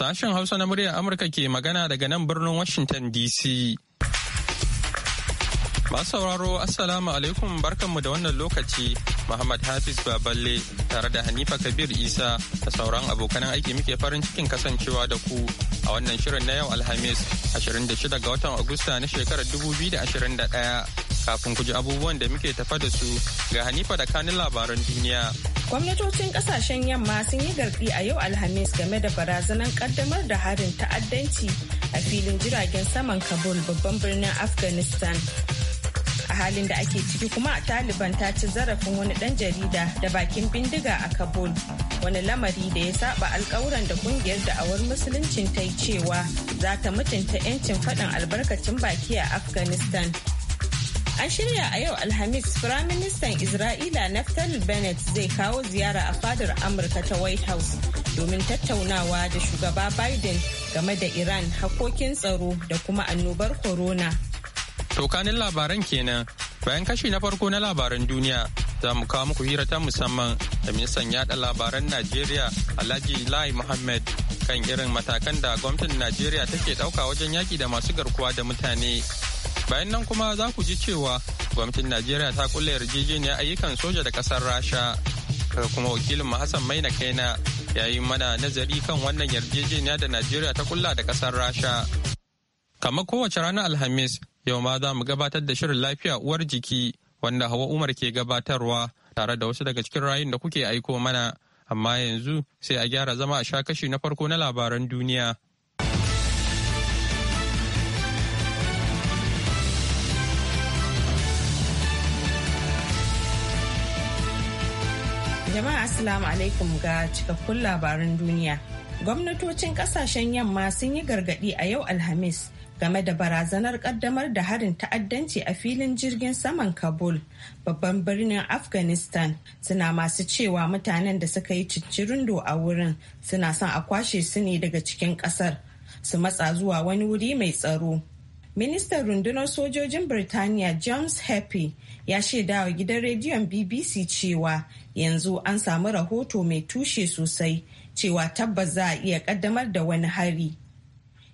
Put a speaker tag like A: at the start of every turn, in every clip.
A: Sashen Hausa na muryar Amurka ke magana daga nan birnin Washington DC. Masu sauraro Assalamu alaikum barkanmu da wannan lokaci Muhammad Hafiz Baballe tare da Hanifa Kabir Isa da sauran abokan aiki muke farin cikin kasancewa da ku a wannan shirin na yau Alhamis 26 ga watan Agusta na shekarar 2021 kafin ku ji abubuwan da muke tafa da su ga Hanifa da kanin labaran duniya.
B: Gwamnatocin kasashen yamma sun yi garbi a yau Alhamis game da barazanar kaddamar da harin ta'addanci a filin jiragen saman Kabul babban birnin Afghanistan. A halin da ake ciki kuma Taliban ta ci zarafin wani ɗan jarida da bakin bindiga a Kabul. Wani lamari da ya saba alkawuran da kungiyar da'awar musuluncin ta yi cewa za ta mutunta 'yancin faɗin albarkacin baki a Afghanistan. An shirya a yau Alhamis Firaministan Isra'ila Naftali Bennett zai kawo ziyara a fadar Amurka ta White House domin tattaunawa da shugaba Biden game da Iran hakokin tsaro da kuma annobar corona.
A: Tokanin labaran kenan bayan kashi na farko na labaran duniya za mu kawo muku hira ta musamman da ministan yada labaran Najeriya Alhaji Lai Muhammad kan irin matakan da gwamnatin Najeriya take dauka wajen yaki da masu garkuwa da mutane. bayan nan kuma za ku ji cewa gwamnatin najeriya ta kulle yarjejeniya ayyukan soja da kasar rasha kuma wakilin mu hassan maina kaina ya yi mana nazari kan wannan yarjejeniya da najeriya ta kulla da kasar rasha kamar kowace ranar alhamis yau ma za mu gabatar da shirin lafiya uwar jiki wanda hawa umar ke gabatarwa tare da wasu daga cikin rayun da kuke aiko mana amma yanzu sai a gyara zama a sha kashi na farko na labaran duniya
B: Jama'a Assalamu alaikum ga cikakkun labaran duniya. Gwamnatocin kasashen yamma sun yi gargadi a yau Alhamis game da barazanar kaddamar da harin ta'addanci a filin jirgin saman Kabul, babban birnin Afghanistan, suna masu cewa mutanen da suka yi cincirindo a wurin suna son a kwashe su ne daga cikin kasar, su matsa zuwa wani wuri mai tsaro. Ministan rundunar sojojin Birtaniya James Happy ya shaida wa gidan rediyon bbc cewa yanzu an samu rahoto mai tushe sosai cewa tabbas za a iya kaddamar da wani hari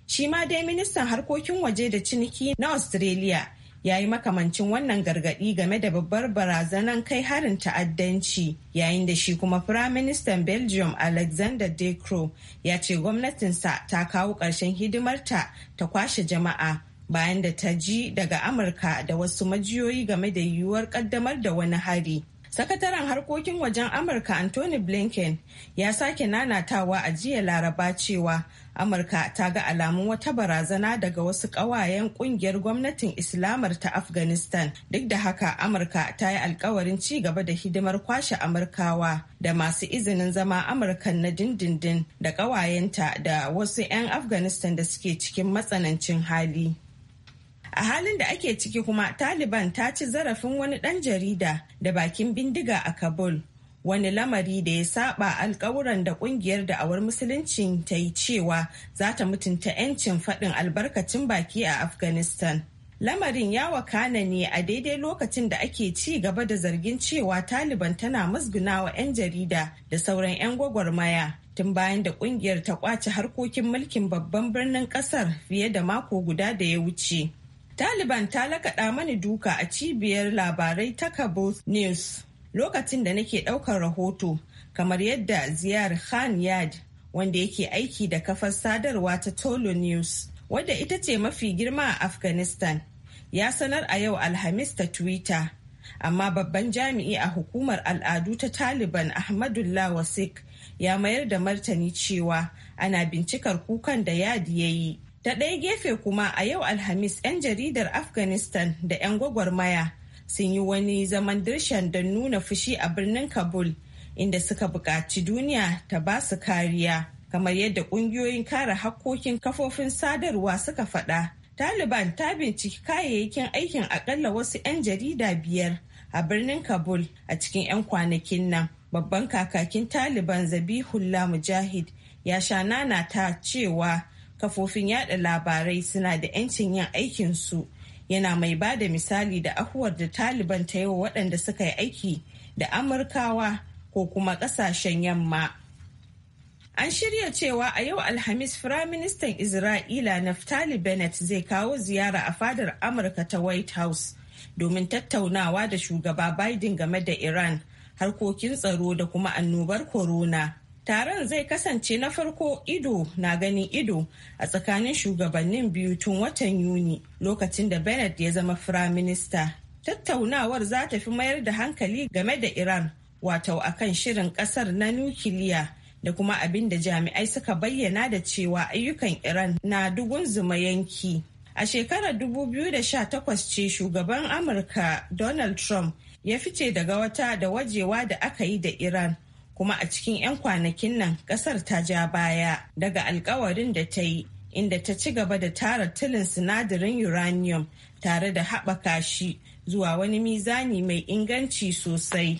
B: shi ma dai ministan harkokin waje da ciniki na australia ya yi makamancin wannan gargadi game da babbar barazanan kai harin ta'addanci yayin da shi kuma firaministan belgium alexander de croo ya ce gwamnatinsa ta kawo ƙarshen hidimarta ta kwashe jama'a bayan da ta ji daga amurka da wasu majiyoyi game da yiwuwar kaddamar da wani hari sakataren harkokin wajen amurka anthony blinken ya sake nanatawa a jiya laraba cewa amurka ta ga alamun wata barazana daga wasu ƙawayen ƙungiyar gwamnatin islamar ta afghanistan duk da haka amurka ta yi alkawarin ci gaba da hidimar kwashe amurkawa da masu izinin zama amurkan na dindindin da ƙawayenta da wasu 'yan afghanistan da suke cikin matsanancin hali a halin da ake ciki kuma taliban ta ci zarafin wani ɗan jarida da bakin bindiga a kabul wani lamari da ya saba alkawuran da kungiyar da'awar musulunci ta yi cewa za ta mutunta 'yancin faɗin albarkacin baki a afghanistan lamarin ya wakana ne a daidai lokacin da ake ci gaba da zargin cewa taliban tana musgunawa 'yan jarida da sauran 'yan gwagwarmaya tun bayan da kungiyar ta kwace harkokin mulkin babban birnin kasar fiye da mako guda da ya wuce Taliban ta lakaɗa mani duka a cibiyar labarai ta Kabul News lokacin da nake ɗaukar rahoto kamar yadda Ziyar Khan Yad wanda yake aiki da kafar sadarwa ta Tolo News wadda ita ce mafi girma a Afghanistan ya sanar a yau Alhamis ta Twitter. Amma babban jami'i a hukumar al'adu ta Taliban Ahmadullah Wasik ya mayar da martani cewa ana bincikar kukan da Yadi ya yi. Ta ɗaya gefe kuma a yau Alhamis 'yan jaridar Afghanistan da 'yan gwagwarmaya sun yi wani zaman dirshan don nuna fushi a birnin Kabul inda suka buƙaci duniya ta ba su kariya. Kamar yadda ƙungiyoyin kare hakkokin kafofin sadarwa suka faɗa, Taliban ta binciki kayayyakin aikin akalla wasu 'yan jarida biyar a birnin Kabul a cikin 'yan kwanakin nan. Babban kakakin Taliban Zabihullah Mujahid ya sha nana ta cewa kafofin yada labarai suna da 'yancin yin aikinsu yana mai ba da misali da akuwar da taliban ta yi wa waɗanda suka yi aiki da amurkawa ko kuma ƙasashen yamma an shirya cewa a yau alhamis firaministan isra'ila naftali bennett zai kawo ziyara a fadar amurka ta white house domin tattaunawa da shugaba biden game da iran harkokin tsaro da kuma annobar corona taron zai kasance na farko ido na ganin ido a tsakanin shugabannin biyu tun watan yuni lokacin da bennett ya zama firaminista tattaunawar za ta fi mayar da hankali game da iran wato akan shirin kasar na nukiliya da kuma abin da jami'ai suka bayyana da cewa ayyukan iran na dugun zuma yanki a shekarar 2018 ce shugaban amurka donald trump ya fice daga wata da wajewa da aka yi da iran kuma a cikin 'yan kwanakin nan kasar ta ja baya daga alkawarin da ta yi inda ta ci gaba da tara tilin sinadarin uranium tare da haɓaka shi zuwa wani mizani mai inganci sosai.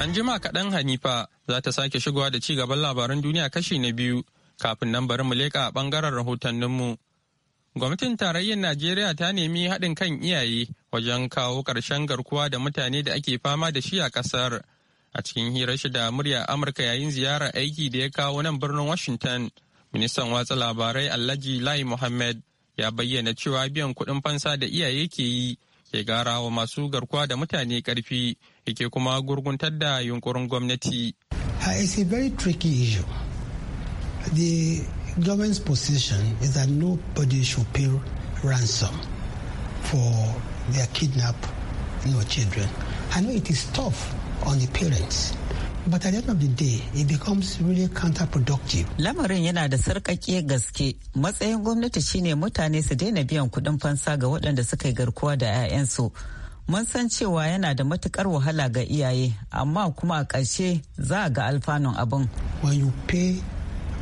A: An jima kaɗan Hanifa za ta sake shigowa da ci gaban labaran duniya kashi na biyu kafin nan bari mu leƙa a ɓangaren rahotanninmu. Gwamnatin tarayyar Najeriya ta nemi haɗin kan iyaye wajen kawo ƙarshen garkuwa da mutane da ake fama da shi a ƙasar. A cikin hirar shi da murya Amurka yayin ziyarar aiki da ya kawo nan birnin Washington, ministan watsa labarai Alhaji Lai Mohammed ya bayyana cewa biyan kuɗin fansa da iyaye ke yi ke gara wa masu garkuwa da mutane ƙarfi yake kuma gurguntar da yunkurin gwamnati.
C: It's a very tricky issue. The government's position is that nobody should pay ransom for they kidnap
D: your children. I know it
C: is tough on the parents. But at the end of the day, it becomes really counterproductive.
D: Lamarin yana da sarƙaƙe gaske. Matsayin gwamnati shine mutane su daina biyan kuɗin fansa ga waɗanda suka yi garkuwa da 'ya'yansu. Mun san cewa yana da matukar wahala ga iyaye, amma kuma a ƙarshe za a ga alfanun abin. When you pay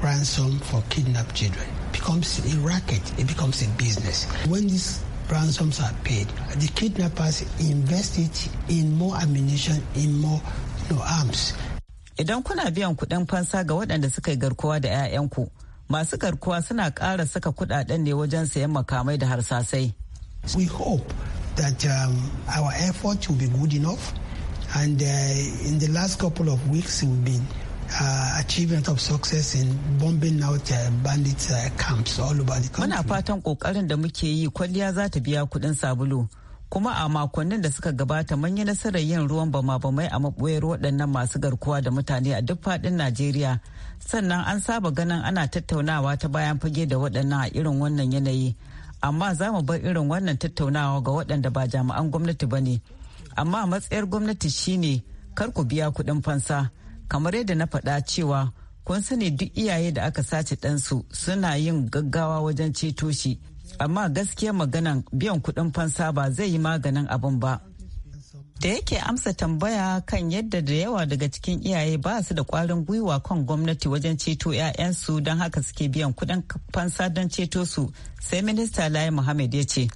D: ransom for kidnapped children, becomes
C: a racket, it becomes a business. When this ransoms are paid. The kidnappers
D: invest it in more ammunition, in more you arms. Idan kuna biyan kuɗin fansa ga waɗanda suka yi garkuwa da 'ya'yanku, masu garkuwa suna ƙara saka kuɗaɗen ne wajen sayan makamai da harsasai. We hope that um,
C: our effort will be good enough and uh, in the last couple of weeks we've been uh, achievement of success in bombing out uh, bandit uh, camps all
D: over the country. Muna fatan kokarin da muke yi kwalliya za ta biya kudin sabulu. Kuma a makonnin da suka gabata mun nasarar yin ruwan bama-bamai a mabuyar waɗannan masu garkuwa da mutane a duk faɗin Najeriya. Sannan an saba ganin ana tattaunawa ta bayan fage da waɗannan a irin wannan yanayi. Amma za mu bar irin wannan tattaunawa ga waɗanda ba jami'an gwamnati ba ne. Amma matsayar gwamnati shine kar ku biya kuɗin fansa. kamar yadda na faɗa cewa kun sani duk iyaye da aka sace ɗansu suna yin gaggawa wajen ceto shi amma gaskiya maganan biyan kuɗin fansa ba zai yi maganin abin ba da yake amsa tambaya kan yadda da yawa daga cikin iyaye ba su da kwarin gwiwa kan gwamnati wajen ceto 'ya'yansu don haka suke biyan kuɗin fansa don ceto su sai minista layi muhammad ya ce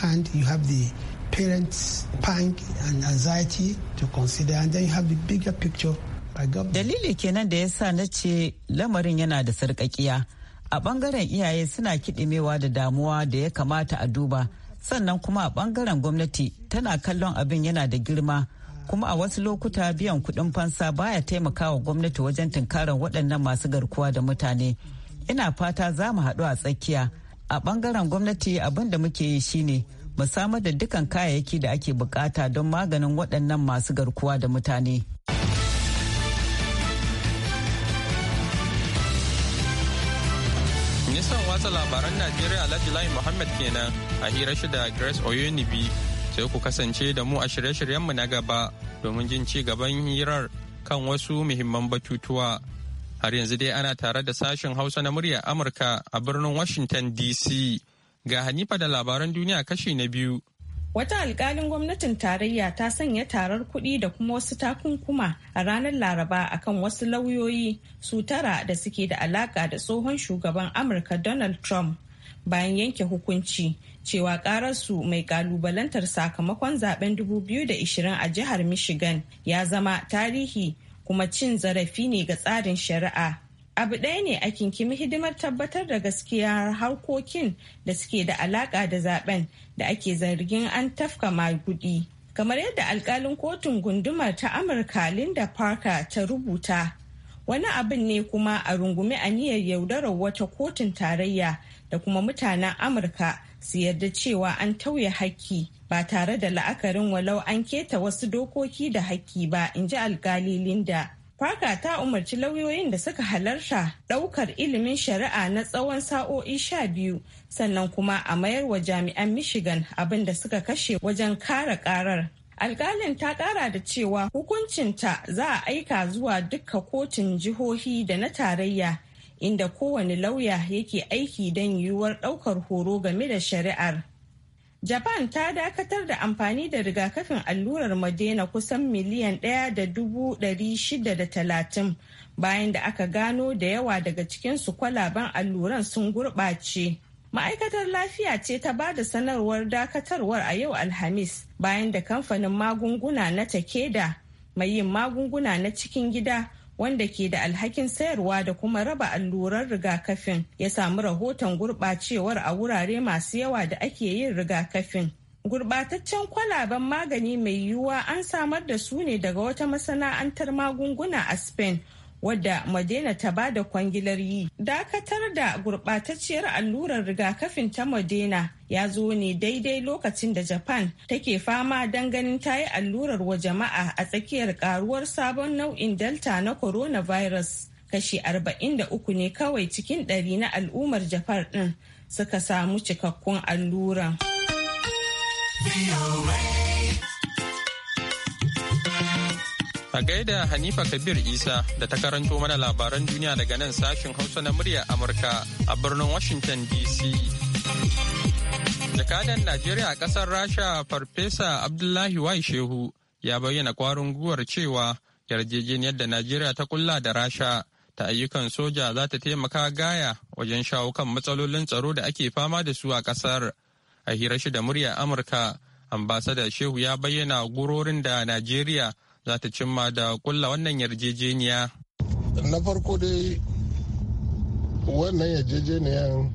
C: hand you parents' panic and anxiety to consider,
D: and then you have the bigger picture by government. Dalili kenan da ya sa na ce lamarin yana da sarƙaƙiya. A ɓangaren iyaye suna kiɗimewa da damuwa da ya kamata a duba, sannan kuma a ɓangaren gwamnati tana kallon abin yana da girma. kuma a wasu lokuta biyan kuɗin fansa baya taimakawa gwamnati wajen tunkarar waɗannan masu garkuwa da mutane ina fata za mu haɗu a tsakiya a ɓangaren gwamnati abin da muke yi shine ba samar da dukkan kayayyaki da ake bukata don maganin waɗannan masu garkuwa da mutane.
A: Ministan watsa labaran Najeriya Alhaji Lai Muhammad kenan a hira shi da Grace Oyunibi sai ku kasance da mu a shirye-shiryenmu na gaba domin jin ci gaban hirar kan wasu muhimman batutuwa. Har yanzu dai ana tare da sashen Hausa na murya Amurka a birnin Washington DC. Ga Hanifa da labaran duniya kashi na biyu.
B: Wata alkalin gwamnatin tarayya ta sanya tarar kuɗi da kuma wasu takunkuma a ranar Laraba akan wasu lauyoyi su tara da suke da alaka da tsohon shugaban Amurka Donald Trump bayan yanke hukunci cewa ƙararsu mai ƙalubalantar sakamakon zaben 2020 a jihar Michigan ya zama tarihi kuma cin zarafi ne ga tsarin shari'a abu ɗaya ne a kinkimi hidimar tabbatar da gaskiya harkokin da suke da alaƙa da zaben da ake zargin an tafka magudi kamar yadda alkalin kotun gundumar ta amurka linda parker ta rubuta wani abin ne kuma a rungumi aniyar yaudarar wata kotun tarayya da kuma mutanen amurka su yarda cewa an tauye haƙƙi ba tare da la'akarin walau an keta wasu dokoki da haƙƙi ba in ji alkali linda faka ta umarci lauyoyin da suka halarta ɗaukar ilimin shari'a na tsawon sa'o'i sha biyu sannan kuma a mayar wa jami'an michigan abin da suka kashe wajen kare karar Alƙalin ta ƙara da cewa hukuncinta za a aika zuwa duka kotun jihohi da na tarayya inda kowane lauya yake aiki don yiwuwar ɗaukar horo game da shari'ar Japan ta dakatar da amfani da rigakafin allurar Madena kusan miliyan ɗaya talatin bayan da aka gano da yawa daga cikin su kwalaben alluran sun gurɓace. Ma'aikatar lafiya ce ta ba da sanarwar dakatarwar a yau Alhamis bayan da kamfanin magunguna na Takeda mai yin magunguna na cikin gida wanda ke da alhakin sayarwa da kuma raba allurar rigakafin ya samu rahoton gurɓacewar a wurare masu yawa da ake yin rigakafin. Gurbataccen kwalaben magani mai yiwuwa an samar da su ne daga wata masana'antar magunguna a Spain wadda Modena ta ba da kwangilar yi. Dakatar da gurɓatacciyar allurar rigakafin ta Modena, ya zo ne daidai lokacin da Japan take fama don ganin ta yi allurar wa jama'a a tsakiyar karuwar sabon nau'in Delta na coronavirus. Kashi 43 ne kawai cikin ɗari na al'ummar Japan ɗin suka samu cikakkun alluran.
A: A gaida Hanifa Kabir Isa da ta karanto mana labaran duniya daga nan sashin Hausa na muryar Amurka a birnin Washington DC. Jakadan Najeriya a ƙasar Rasha Farfesa Abdullahi Wai Shehu ya bayyana kwarin guwar cewa yarjejeniyar da Najeriya ta kulla da Rasha ta ayyukan soja za ta taimaka gaya wajen shawo kan matsalolin tsaro da ake fama da su a ƙasar. A hira shi da muryar Amurka, ambasada Shehu ya bayyana gurorin da Najeriya za ta cimma da kulla wannan yarjejeniya.
E: Na farko dai wannan yarjejeniyan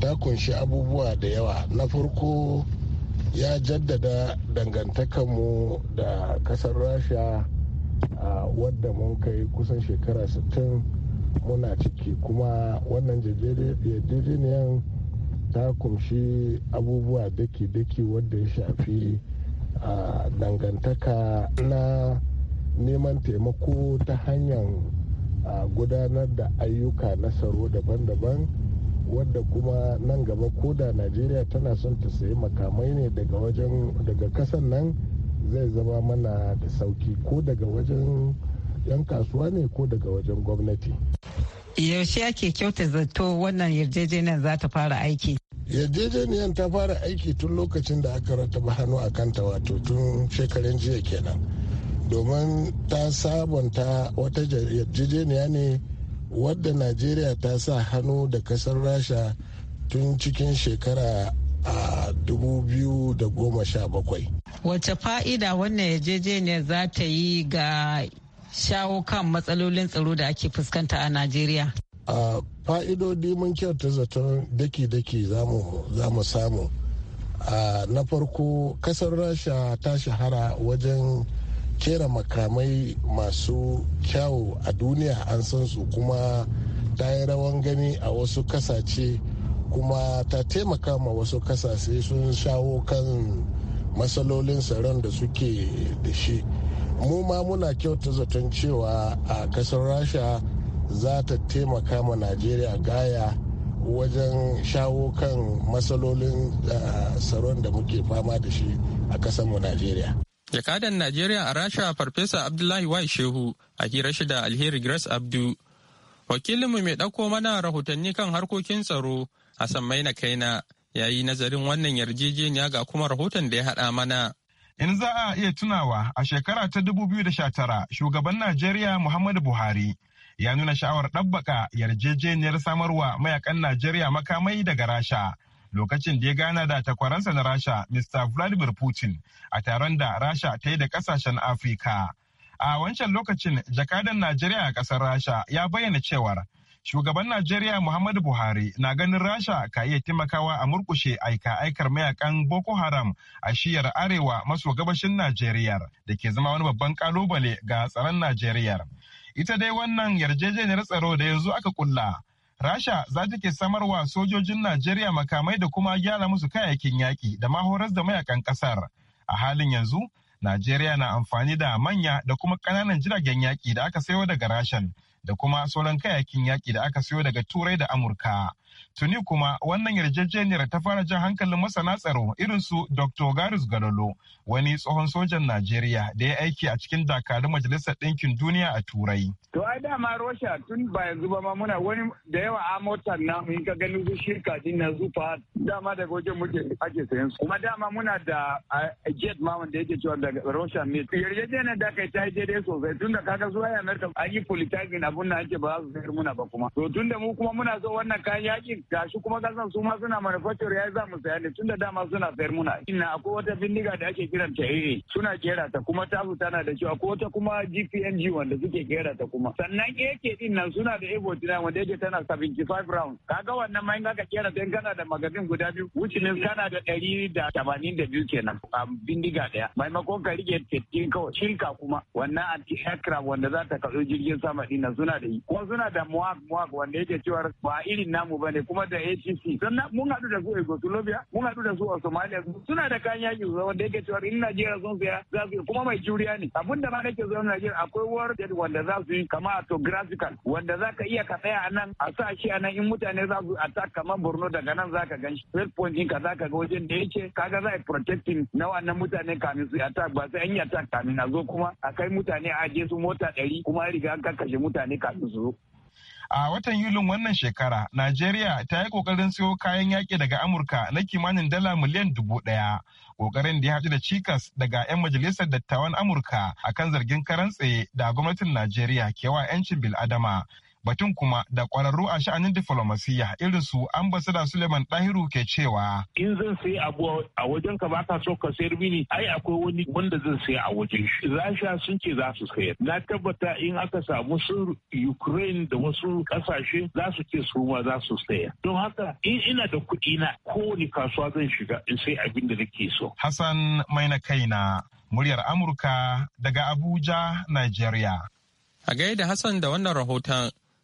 E: ta kunshi abubuwa da yawa. Na farko ya jaddada dangantakanmu da kasar Rasha a wadda mun kai kusan shekara 60 muna ciki kuma wannan yarjejeniyan ta kunshi abubuwa daki-daki wadda ya shafi a dangantaka na neman taimako ta hanyar gudanar da ayyuka na tsaro daban-daban wadda kuma nan gaba ko da najeriya tana son ta sayi makamai ne daga wajen daga kasan nan zai zama mana da sauki ko daga wajen 'yan kasuwa ne ko daga wajen gwamnati
D: yaushe ake kyauta zato wannan yarjejeniyar za ta fara aiki yarjejeniyar ta fara aiki tun
E: lokacin da aka rattaba hannu a kanta wato tun shekaran jiya kenan domin ta sabonta wata yarjejeniya ne wadda najeriya ta sa hannu da kasar rasha tun cikin shekara a 2017
D: wace fa'ida wannan yarjejeniyar za ta yi ga shawo kan matsalolin tsaro da ake fuskanta a najeriya
E: fa'idodi mun kyauta zaton daki-daki za mu samu na farko kasar rasha ta shahara wajen kera makamai masu kyau a duniya an san su kuma ta yi rawan gani a wasu kasace kuma ta taimaka ma wasu kasashe sun shawo kan matsalolin tsaron da suke da shi mu ma muna kyauta zaton cewa a kasar rasha za ta taimaka ma najeriya gaya wajen shawo kan matsalolin eh, tsaron da muke fama da shi a kasanmu najeriya
A: jakadan najeriya a rasha farfesa abdullahi wai shehu a hira shi da alheri grace abdu wakilinmu mai ɗauko mana rahotanni kan harkokin tsaro a hassan na kaina ya yi nazarin wannan yarjejeniya ga kuma rahoton da ya haɗa mana
F: In za a iya tunawa a shekara ta 2019 shugaban Najeriya Muhammadu Buhari ya nuna sha'awar ɗabbaka yarjejeniyar samarwa mayakan Najeriya makamai daga Rasha. Lokacin da ya gana da takwaransa na Rasha, Mr. Vladimir Putin, a taron da Rasha ta yi da kasashen Afirka. A wancan lokacin, jakadan Najeriya a ƙasar Rasha ya bayyana cewar shugaban Najeriya Muhammadu Buhari na ganin Rasha ka iya taimakawa a murkushe aika-aikar mayakan Boko Haram a shiyar arewa maso gabashin Najeriya da ke zama wani babban kalubale ga tsaron Najeriya. ita dai wannan yarjejeniyar tsaro da yanzu aka kulla rasha za ta ke samarwa sojojin najeriya makamai da kuma gyara musu kayayyakin yaƙi da ma da mayakan ƙasar a halin yanzu najeriya na amfani da manya da kuma ƙananan jiragen yaƙi da aka sayo daga rashan da kuma sauran kayayyakin yaƙi da aka sayo daga turai da amurka Tuni kuma wannan yarjejeniyar ta fara jan hankalin masana tsaro irin su Dr. Garis Galolo, wani tsohon sojan Najeriya da ya aiki a cikin dakarun Majalisar Ɗinkin Duniya a Turai.
G: To ai dama Rosha tun ba yanzu ba ma muna wani da yawa a mota na in ka gani su shirka din na zufa dama daga wajen muke ake sayan su. Kuma dama muna da jet ma wanda yake cewa daga Rosha ne. Yarjejeniyar da kai ta yi daidai sosai tun da kaga su ai Amerika an yi politizing abun na ake ba za su sayar muna ba kuma. To tun da mu kuma muna so wannan kayan yaƙi ga shi kuma kasan su ma suna manufacture ya za mu saya ne tunda dama suna sayar muna ina akwai wata bindiga da ake kiran ta AA suna kera ta kuma ta fita na da kyau akwai wata kuma GPNG wanda suke kera ta kuma sannan AK din nan suna da Evo tina wanda yake tana 75 rounds kaga wannan ma in ka kera ta kana da magazin guda biyu wucinin kana da ɗari da kenan a bindiga daya. maimakon ka rike fifteen kawai shilka kuma wannan anti aircraft wanda za ta kaso jirgin sama nan suna da yi kuma suna da muwak muwak wanda yake cewa ba irin namu bane kuma da ACC don mun hadu da su a Yugoslavia mun haɗu da su a Somalia suna da kayan yaƙi wanda yake cewa in Najeriya sun saya za su kuma mai juriya ne abin da ma nake zuwa Najeriya akwai war wanda za su yi kama autographical wanda za ka iya ka tsaya a nan a sa shi a nan in mutane za su attack kamar Borno daga nan za ka gan shi red point ɗinka za ka ga wajen da yake kaga za a protecting na wannan mutane kamin su attack ba sai an yi attack kamin a zo kuma a kai mutane a je su mota ɗari kuma riga an kakkashe mutane kafin su zo.
F: A watan Yulin wannan shekara, Najeriya ta yi ƙoƙarin siyo kayan yaƙi daga Amurka na kimanin dala miliyan dubu ɗaya. Ƙoƙarin da ya haɗu da cikas daga 'yan majalisar dattawan Amurka akan zargin karantse da gwamnatin Najeriya ke 'yancin bil'adama. batun kuma da kwararru a sha'anin diflomasiyya irin su ambasada Suleiman Dahiru ke cewa.
G: In zan sai abu a wajen ka baka so ka sayar mini ai akwai wani wanda zan saya a wajen shi. Rasha sun ce za su sayar. Na tabbata in aka samu su Ukraine da wasu kasashe za su ce su ma za su sayar. Don haka in ina da kuɗi na kowane kasuwa zan shiga in sai abin da nake so. Hassan
F: Maina Kaina muryar Amurka daga Abuja, Nigeria.
A: A gaida Hassan da wannan rahoton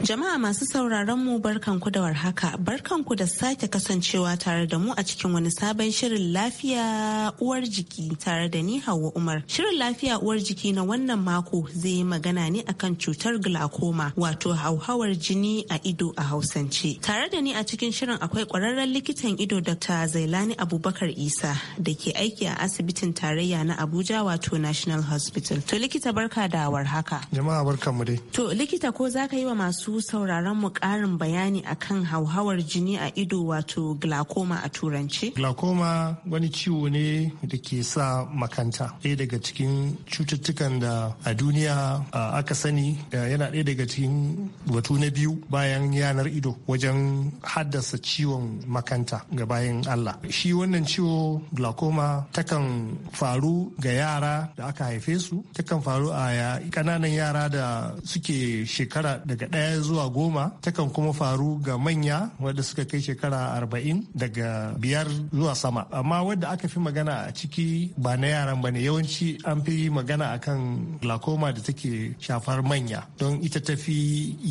B: Jama'a masu sauraron mu barkanku da warhaka, barkanku da sake kasancewa tare da mu a cikin wani sabon shirin lafiya uwar jiki tare da ni Hauwa Umar. Shirin lafiya uwar jiki na wannan mako zai yi magana ne akan cutar glaucoma wato hauhawar jini a ido a Hausance. Tare da ni a cikin shirin akwai kwararren likitan ido Dr. Zailani Abubakar Isa da ke aiki a asibitin tarayya na Abuja wato National Hospital. To likita barka da warhaka. Jama'a barkanmu dai. To likita ko za ka yi wa masu su sauraron mu karin bayani akan hauhawar jini a ido wato glaucoma a turance?
H: Glaucoma wani ciwo ne da ke sa makanta. Ɗaya daga cikin cututtukan da a duniya aka sani yana ɗaya daga cikin batu na biyu bayan yanar ido wajen haddasa ciwon makanta ga bayan Allah. Shi wannan ciwo glaucoma takan faru ga yara da aka haife su, takan faru a ƙananan yara da suke shekara daga ɗaya zuwa goma takan kuma faru ga manya wadda suka kai shekara arba'in daga biyar zuwa sama amma wadda aka fi magana a ciki ba na yaran ba ne yawanci an fi magana akan glaucoma da take shafar manya don ita ta fi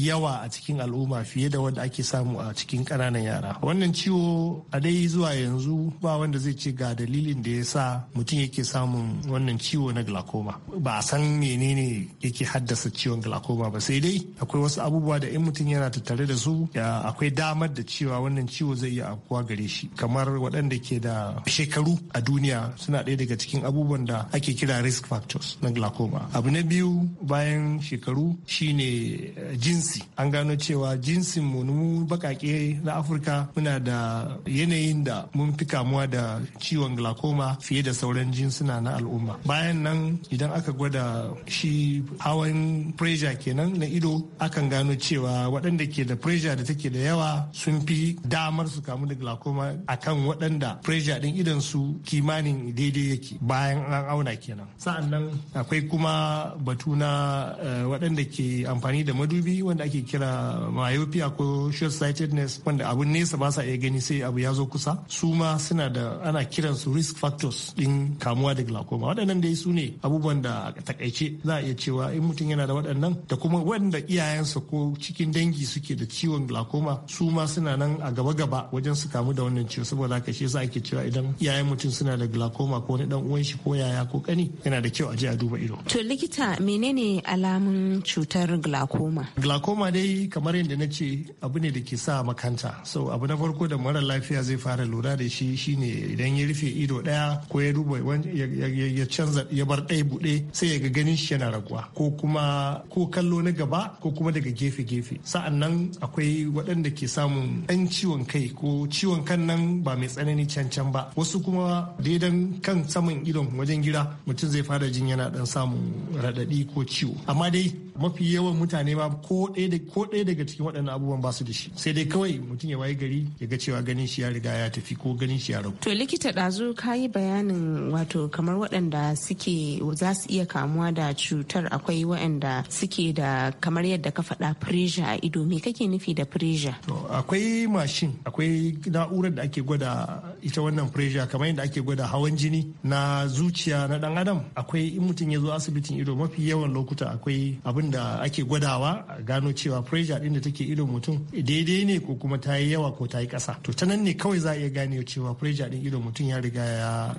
H: yawa a cikin al'umma fiye da wadda ake samu a cikin ƙananan yara wannan ciwo a dai zuwa yanzu ba wanda zai ce ga dalilin da ya sa mutum yake samun wannan ciwo na glaucoma ba a san menene yake haddasa ciwon glaucoma ba sai dai akwai wasu abubuwa da in mutum yana tattare da su ya akwai damar da cewa wannan ciwo zai iya afkuwa gare shi kamar waɗanda ke da shekaru a duniya suna ɗaya daga cikin abubuwan da ake kira risk factors na glaucoma abu na biyu bayan shekaru shine eh, jinsi an gano cewa jinsin mu mu bakake na afirka muna da yanayin da mun fi kamuwa da ciwon glaucoma fiye da sauran jinsuna na al'umma bayan nan idan aka gwada shi hawan pressure kenan na ido akan gano cewa waɗanda ke da pressure da take da yawa sun fi damar su kamu da glaucoma akan waɗanda pressure ɗin idan su kimanin daidai yake bayan an auna kenan sa'annan akwai kuma batu na eh, waɗanda ke amfani da madubi wanda ake kira myopia ko short sightedness wanda abu nesa ba sa iya gani sai abu ya zo kusa su ma suna da ana kiran su risk factors ɗin kamuwa da glaucoma waɗannan dai su ne abubuwan da a takaice za a iya cewa in mutum yana da waɗannan da kuma waɗanda iyayensa ko cikin dangi suke da ciwon glaucoma su ma suna nan a gaba-gaba wajen su kamu da wannan ciwo saboda haka shi yasa ake cewa idan yayan mutum suna da glaucoma ko wani dan uwan shi ko yaya ko kani yana da kyau a je a duba ido.
B: To likita menene alamun cutar glaucoma?
H: Glaucoma dai kamar yadda na ce abu ne da ke sa makanta. So abu na farko da mara lafiya zai fara lura da shi shine idan ya rufe ido daya ko ya duba ya canza ya bar ɗaya buɗe sai ya ga ganin shi yana raguwa ko kuma ko kallo na gaba ko kuma daga gefe gefe sa'an nan akwai waɗanda ke samun ɗan ciwon kai ko ciwon kan nan ba mai tsanani can can ba wasu kuma daidan kan saman idon wajen gida mutum zai fara jin yana ɗan samun raɗaɗi ko ciwo amma dai mafi yawan mutane ba ko ɗaya daga cikin waɗannan abubuwan ba su da shi sai dai kawai mutum ya waye gari ya ga cewa ganin shi ya riga ya tafi ko ganin shi ya ragu.
B: to likita ɗazu ka yi bayanin wato kamar waɗanda suke za su iya kamuwa da cutar akwai waɗanda suke da kamar yadda ka faɗa pre pressure a ido me kake nufi da pressure
H: akwai machine akwai na'urar da ake gwada ita wannan pressure kamar yadda ake gwada hawan jini na zuciya na dan adam akwai in mutum ya zo asibitin ido mafi yawan lokuta akwai abin da ake gwadawa gano cewa pressure din da take ido mutum daidai ne ko kuma ta yi yawa ko ta yi ƙasa to ta nan ne kawai za a iya gane cewa pressure din ido mutum ya riga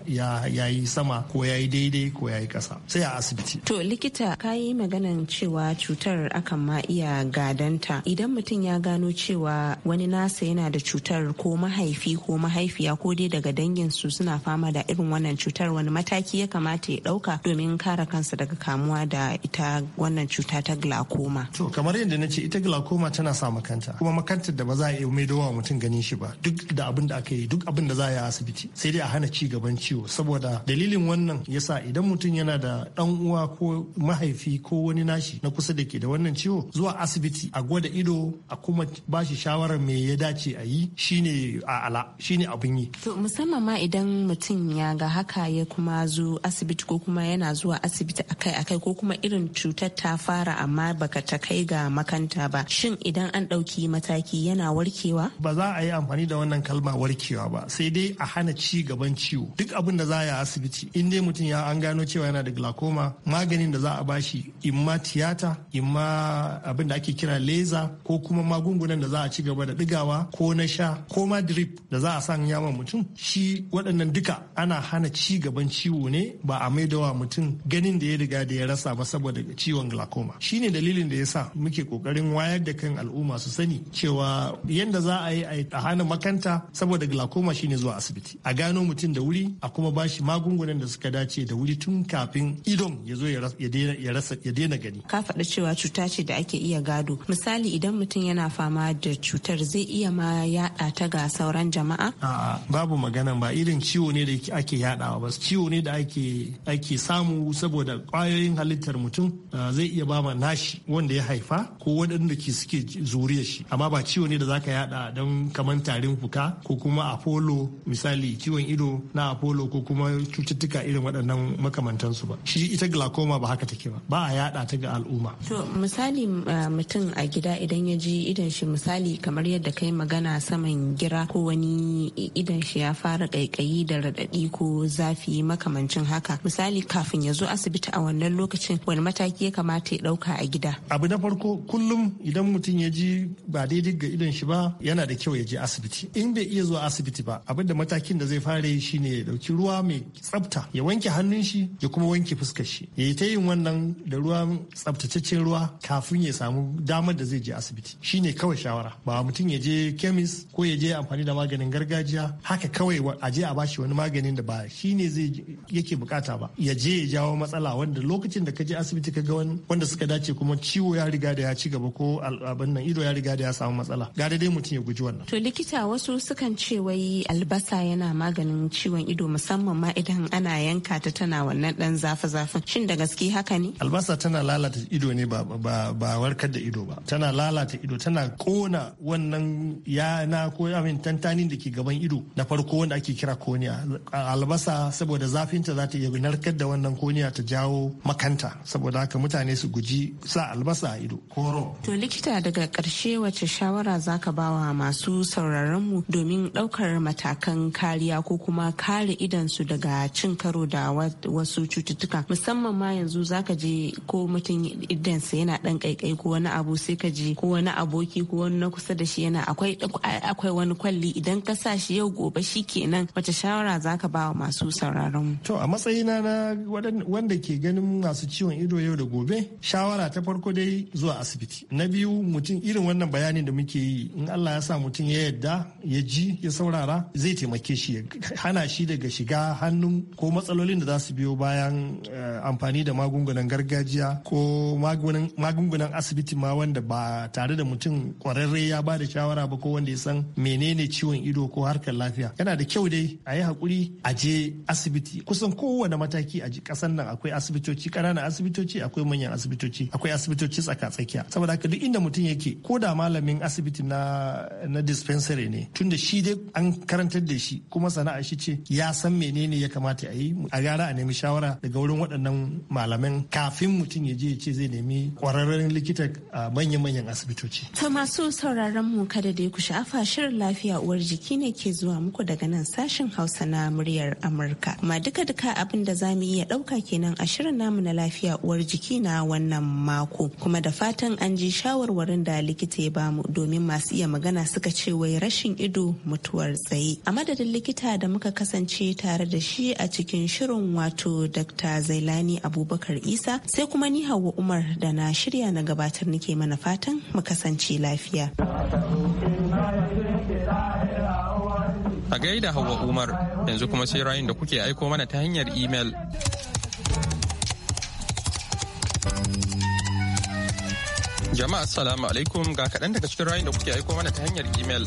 H: ya yi sama ko ya yi daidai ko ya yi ƙasa sai a asibiti
B: to likita ka yi maganan cewa cutar akan ma iya ga magadansa idan mutum ya gano cewa wani nasa yana da cutar ko mahaifi ko mahaifiya ko dai daga danginsu suna fama da irin wannan cutar wani mataki ya kamata ya ɗauka domin kare kansa daga kamuwa da ita wannan cuta ta glaucoma. To
H: kamar yadda na ce ita glaucoma tana sa makanta kuma makantar da ba za a iya mai dawa mutum ganin shi ba duk da abin da aka yi duk abin da za a yi a asibiti sai dai a hana ci gaban ciwo saboda dalilin wannan yasa idan mutum yana da dan uwa ko mahaifi ko wani nashi na kusa da ke da wannan ciwo zuwa asibiti asibiti a gwada ido a kuma ba shi shawarar me ya dace a yi shine a ala shine abin yi
B: to musamman ma idan mutum ya ga haka ya kuma zo asibiti ko kuma yana zuwa asibiti akai akai ko kuma irin cutar ta fara amma baka ta kai ga makanta ba shin idan an ɗauki mataki yana warkewa ba za a yi amfani da wannan
H: kalma warkewa ba sai dai a hana ci gaban ciwo duk abin da za a yi a asibiti in dai mutum ya an gano cewa yana da glaucoma maganin da za a bashi imma tiyata imma abin da ake kira leza ko kuma magungunan da za a ci gaba da digawa ko na sha ko ma drip da za a san yawan mutum shi waɗannan duka ana hana ci gaban ciwo ne ba a maidawa mutum ganin da ya riga da ya rasa ba saboda ciwon glaucoma shine dalilin da ya sa muke kokarin wayar da kan al'umma su sani cewa yadda za a yi a hana makanta saboda glaucoma shine zuwa asibiti a gano mutum da wuri a kuma bashi magungunan da suka dace da wuri tun kafin idon ya zo ya daina gani
B: ka faɗa cewa cuta ce da ake iya gado gudu misali idan mutum yana fama da cutar zai iya ma yada ta ga sauran jama'a a'a
H: babu magana ba irin ciwo ne da ake yadawa ba ciwo ne da ake ake samu saboda kwayoyin halittar mutum ah, zai iya ba nashi wanda ya haifa ko waɗanda ke suke zuriya shi amma ba ciwo ne da zaka yada don kamar tarin fuka ko kuma apollo misali ciwon ido na apollo ko kuma cututtuka irin waɗannan makamantansu ba shi ita glaucoma ba haka take ba ba a yada ta ga al'umma
B: to misali ah, mutum mutum a gida idan ya ji idan shi misali kamar yadda kai magana saman gira ko wani idan shi ya fara kaikayi da raɗaɗi ko zafi makamancin haka misali kafin ya zo asibiti a wannan lokacin wani mataki ya kamata ya ɗauka a gida
H: abu na farko kullum idan mutum ya ji ba daidai ga idan shi ba yana da kyau ya je asibiti in bai iya zuwa asibiti ba abin da matakin da zai fara yi shine ya ɗauki ruwa mai tsafta ya wanke hannun shi ya kuma wanke fuskar shi ya yi ta yin wannan da ruwa tsaftataccen ruwa kafin ya samu damar da zai je asibiti shine kawai shawara ba mutum ya je kemis ko ya je amfani da maganin gargajiya haka kawai a je a bashi wani maganin da ba shine zai yake bukata ba ya je ya jawo matsala wanda lokacin da ka je asibiti ka ga wanda suka dace kuma ciwo ya riga da ya ci gaba ko abin nan ido ya riga da ya samu matsala ga dai mutum ya guji wannan
B: to likita wasu sukan ce wai albasa yana maganin ciwon ido musamman ma idan ana yanka ta tana wannan dan zafi zafin shin da gaske haka ne
H: albasa tana lalata ido ne ba ba warkar da ido ido ba tana lalata ido tana kona wannan yana ko amin tantanin da ke gaban ido na farko wanda ake kira koniya albasa saboda zafinta za ta iya narkar da wannan koniya ta jawo makanta saboda haka mutane su guji sa albasa a ido koro
B: to likita daga karshe wace shawara zaka bawa masu sauraron mu domin daukar matakan kariya ko kuma kare idan su daga cin karo da wasu cututtuka musamman ma yanzu zaka je ko mutum idan yana dan kaikai ko wani abu abu sai ka ji ko wani aboki ko wani na kusa da shi yana akwai akwai wani kwalli idan ka sa shi yau gobe shi kenan wace shawara za ka ba wa masu sauraron mu to a
H: matsayina na wanda ke ganin masu ciwon ido yau da gobe shawara ta farko dai zuwa asibiti na biyu mutum irin wannan bayanin da muke yi in Allah ya sa mutum ya yadda ya ji ya saurara zai taimake shi ya hana shi daga shiga hannun ko matsalolin da za su biyo bayan eh, amfani da magungunan gargajiya ko magungunan asibiti ma wanda ba tare da mutum kwararre ya ba da shawara ba ko wanda ya san menene ciwon ido ko harkar lafiya yana da kyau dai a yi hakuri a je asibiti kusan kowane mataki a kasan nan akwai asibitoci ƙananan asibitoci akwai manyan asibitoci akwai asibitoci tsaka-tsakiya saboda haka duk inda mutum yake ko da malamin asibiti na na dispensary ne tunda shi dai an karantar da shi kuma sana'a shi ce ya san menene ya kamata a yi a gara a nemi shawara daga wurin waɗannan malamin kafin mutum ya je ya ce zai nemi kwararren likita a ah, Manyan manyan asibitoci.
B: To masu sauraron mu kada da ku sha'afa shirin lafiya uwar jiki ne ke zuwa muku daga nan sashen Hausa na muryar Amurka. ma duka-duka abin da zamu iya ɗauka kenan a shirin namu na lafiya uwar jiki na wannan mako. Kuma da fatan an ji shawarwarin da likita ya bamu domin masu iya magana suka ce wai rashin ido mutuwar tsaye. A madadin likita da muka kasance tare da shi a cikin shirin wato Dr. Zailani Abubakar Isa sai kuma ni Hauwa Umar da na shirya na gabatar nake ke mana fatan mu kasance lafiya.
A: A gaida Hauwa Umar yanzu kuma sai rayun da kuke aiko mana ta hanyar imel. Jama'a assalamu alaikum ga kaɗan daga cikin rayun da kuke aiko mana ta hanyar imel.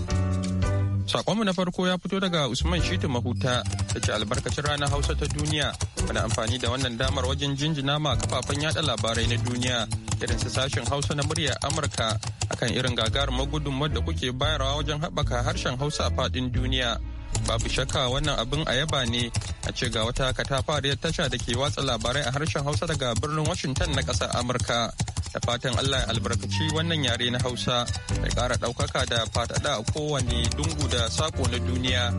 A: mu na farko ya fito daga Usman Shitu Mahuta da ke albarkacin ranar Hausa ta duniya muna amfani da wannan damar wajen jinjina ma kafafen yada labarai na duniya irin su sashen Hausa na muryar Amurka akan irin gagarumar gudunmawar da kuke bayarwa wajen haɓaka harshen Hausa a faɗin duniya. Babu shakka wannan abin a yaba ne a ce ga wata katafariyar tasha da ke watsa labarai a harshen Hausa daga birnin Washington na ƙasar Amurka. da fatan Allah ya albarkaci wannan yare na Hausa da ƙara ɗaukaka da faɗaɗa a kowane dungu da sako na duniya.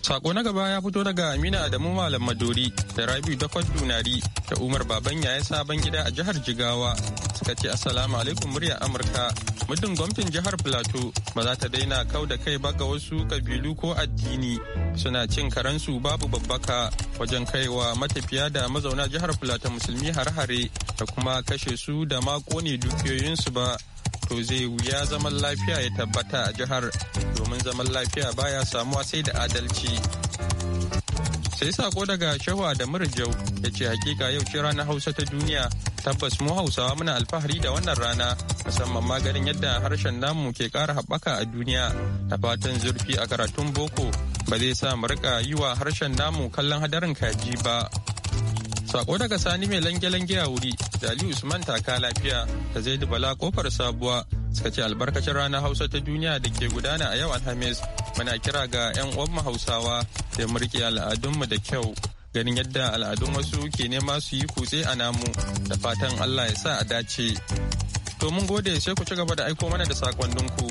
A: Sako na gaba ya fito daga Amina Adamu Malam Madori da Rabiu Dakon Dunari da Umar Baban Yaya Sabon Gida a jihar Jigawa suka ce Assalamu alaikum murya Amurka. Muddin gwamnatin jihar Plateau ba za ta daina kau da kai ba ga wasu kabilu ko addini suna cin karansu babu babbaka wajen kaiwa matafiya da mazauna jihar Plateau musulmi har-hare da kuma kashe su da ma kone dukiyoyinsu ba to zai wuya zaman lafiya ya tabbata a jihar domin zaman lafiya baya samuwa sai da adalci sai sako daga shawa da murjau da ce hakika yau ce ranar hausa ta duniya tabbas mu hausawa muna alfahari da wannan rana musamman maganin yadda harshen namu ke kara haɓaka a duniya a fatan zurfi a karatun boko ba zai sa mu rika yi wa harshen namu kallon hadarin kaji ba sako daga sani mai lange-lange a wuri da Ali Usman taka lafiya da Zaidu Bala kofar sabuwa suka ce albarkacin ranar Hausa ta duniya da ke gudana a yau Alhamis muna kira ga 'yan uwanmu Hausawa da murke al'adunmu da kyau ganin yadda al'adun wasu ke nema su yi kutse a namu da fatan Allah ya sa a dace. To mun gode sai ku ci gaba da aiko mana da sakonninku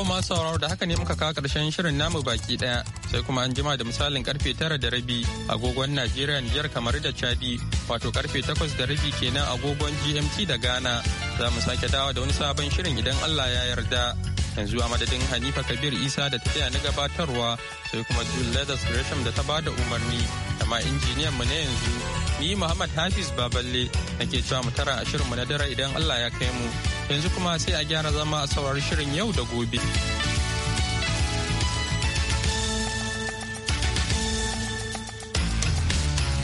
A: To masu sauraro da haka ne muka kawo karshen shirin namu baki daya sai kuma an jima da misalin karfe tara da rabi agogon Najeriya niger kamar da Chadi wato karfe takwas da rabi kenan agogon GMT da Ghana za mu sake dawa da wani sabon shirin idan Allah ya yarda. yanzu a madadin hanifa kabir isa da ta na gabatarwa sai kuma jule leathers gresham da ta ba da umarni da ma injiniyan mu na yanzu ni muhammad hafiz baballe nake cewa mu tara a shirinmu na dare idan allah ya kai mu yanzu kuma sai a gyara zama a saurari shirin yau da gobe.